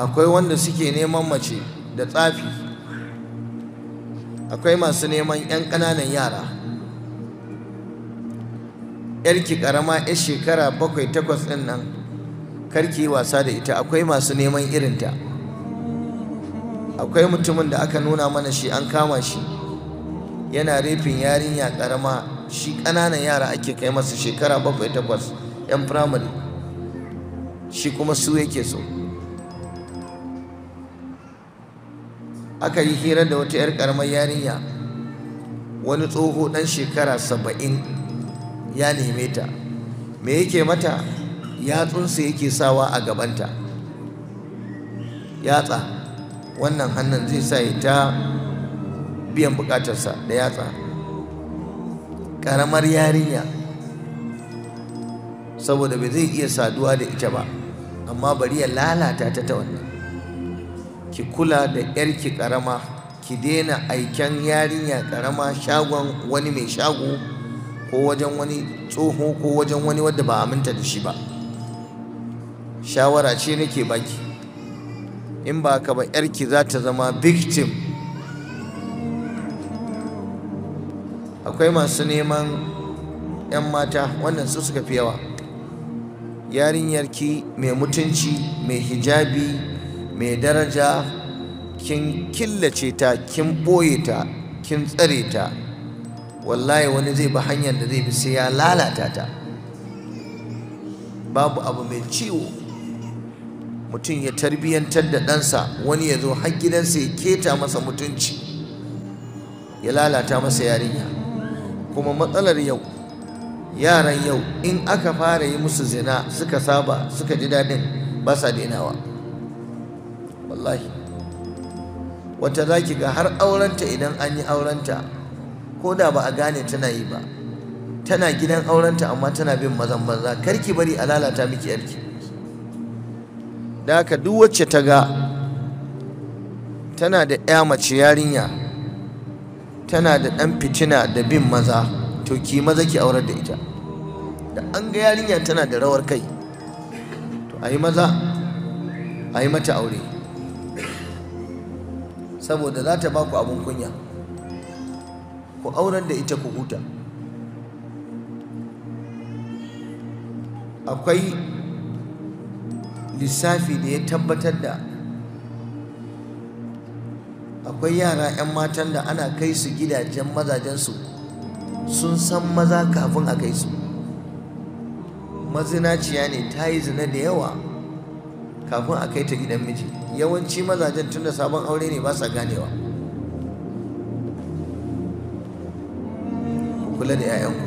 akwai wanda suke neman mace da tsafi akwai masu neman 'yan ƙananan yara yarki ƙarama ya shekara bakwai takwas ɗin nan karki wasa da ita akwai masu neman irinta akwai mutumin da aka nuna mana shi an kama shi yana rafin yarinya ƙarama shi ƙananan yara ake kai masa shekara bakwai takwas 'yan firamare shi kuma su yake so aka yi hira da wata 'yar karamar yarinya wani tsoho dan shekara saba'in ya neme ta me yake mata yatsunsa yake sawa a gabanta yatsa wannan hannun zai sa ya ta biyan bukatarsa da yatsa karamar yarinya saboda bai zai iya saduwa da ita ba amma bari ya lalata ta ta wannan ki kula da yarki karama ki daina aiken yarinya karama shagon wani mai shago ko wajen wani tsoho ko wajen wani wadda ba aminta da shi ba shawara ce nake baki in ba ka ba yarki za ta zama victim akwai masu neman 'yan mata wannan su suka fi yawa yarinyarki mai mutunci mai hijabi mai daraja kin killace ta kin ɓoye ta kin tsare ta wallahi wani zai bi hanyar da zai bi sai ya lalata ta babu abu mai ciwo mutum ya tarbiyyantar da ɗansa wani ya zo har gidansa ya keta masa mutunci ya lalata masa yarinya kuma matsalar yau yaran yau in aka fara yi musu zina suka saba suka ji daɗin ba sa wa. wallahi wata za ki ga har aurenta idan an yi aurenta ko da ba a gane tana yi ba tana gidan aurenta amma tana bin mazan banza karki bari a lalata miki yarki da haka duk wacce ta ga tana da ya mace yarinya tana da ɗan fitina da bin maza to ki maza ki aurar da ita da an ga yarinya tana da rawar kai to a yi maza a yi mata aure saboda za ta ba ku abin kunya ku auren da ita ku huta akwai lissafi da ya tabbatar da akwai yara 'yan matan da ana kai su gidajen mazajensu sun san maza kafin a kai su mazinaciya ne ta yi zina da yawa kafin a kai ta gidan miji yawanci mazajen tun da sabon aure ne ba sa ganewa kula da 'ya'yanku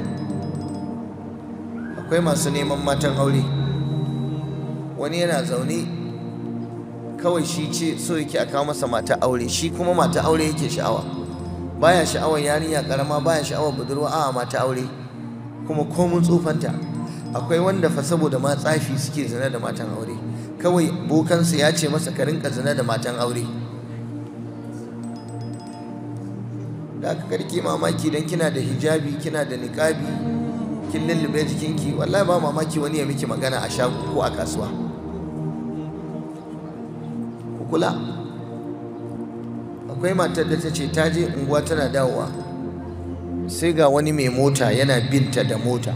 akwai masu neman matan aure wani yana zaune kawai shi ce so yake a kawo masa mata aure shi kuma mata aure yake sha'awa baya sha'awar yarinya karama baya sha'awar budurwa a mata aure kuma komun tsufanta akwai wanda fa saboda ma tsafi suke zina da matan aure kawai bokansa ya ce masa ka rinka da matan aure da aka karki mamaki don kina da hijabi kina da niƙabi kin lullube jikinki wallahi ba mamaki wani ya miki magana a shago ko a kasuwa ku kula akwai matar da ta ce ta je unguwa tana dawowa sai ga wani mai mota yana binta da mota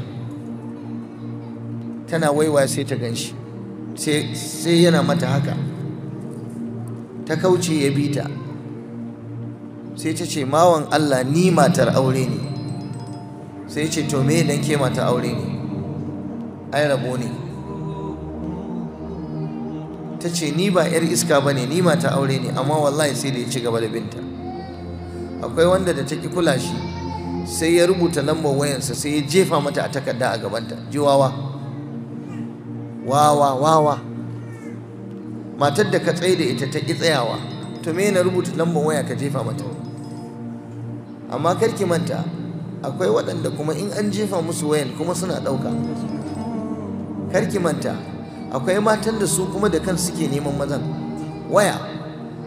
tana waiwa sai ta ganshi. sai yana mata haka ta kauce ya bi ta sai ta ce mawan Allah ni matar aure ne sai ce to me dan ke mata aure ne ai rabo ne ta ce ni ba 'yar iska ba ne ni mata aure ne amma wallahi sai da ya ci gaba da binta akwai wanda da ta ki kula shi sai ya rubuta lambar wayansa sai ya jefa mata a takarda a gabanta jiwawa wawa wawa matar da ka tsaye da ita ta ƙi tsayawa to me na rubuta lambar waya ka jefa mata amma karki manta akwai waɗanda kuma in an jefa musu wayan kuma suna ɗauka karki manta akwai matan da su kuma da kansu suke neman mazan waya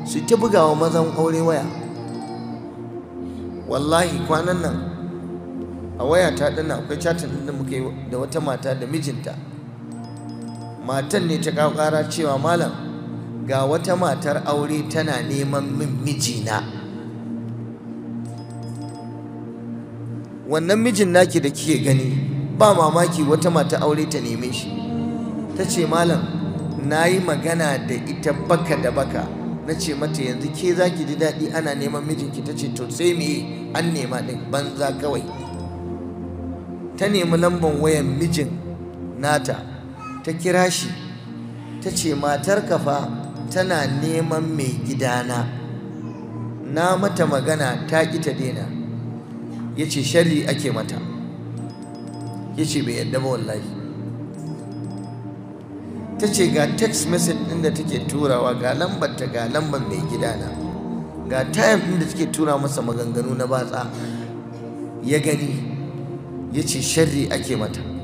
su ta bugawa mazan aure waya wallahi kwanan nan a waya ta dana akwai chatin da muke da wata mata da mijinta matan ne ta kawo ƙara cewa malam ga wata matar aure tana neman min mijina wannan mijin naki da kike gani ba mamaki wata mata aure ta neme shi ta ce malam na yi magana da ita baka da baka na ce mata yanzu ke za ki ji daɗi ana neman mijinki ta ce to sai me an nema ɗin banza kawai ta nemi lambar wayan mijin nata ta kira shi ta ce matarka fa tana neman mai gidana na mata magana ta ƙi ta daina ya ce shari ake mata ya ce bai yadda ba wallahi ta ce ga text message ɗin da take turawa ga lambar ta ga lambar mai gidana ga time ɗin da take tura masa maganganu na batsa ya gani ya ce shari ake mata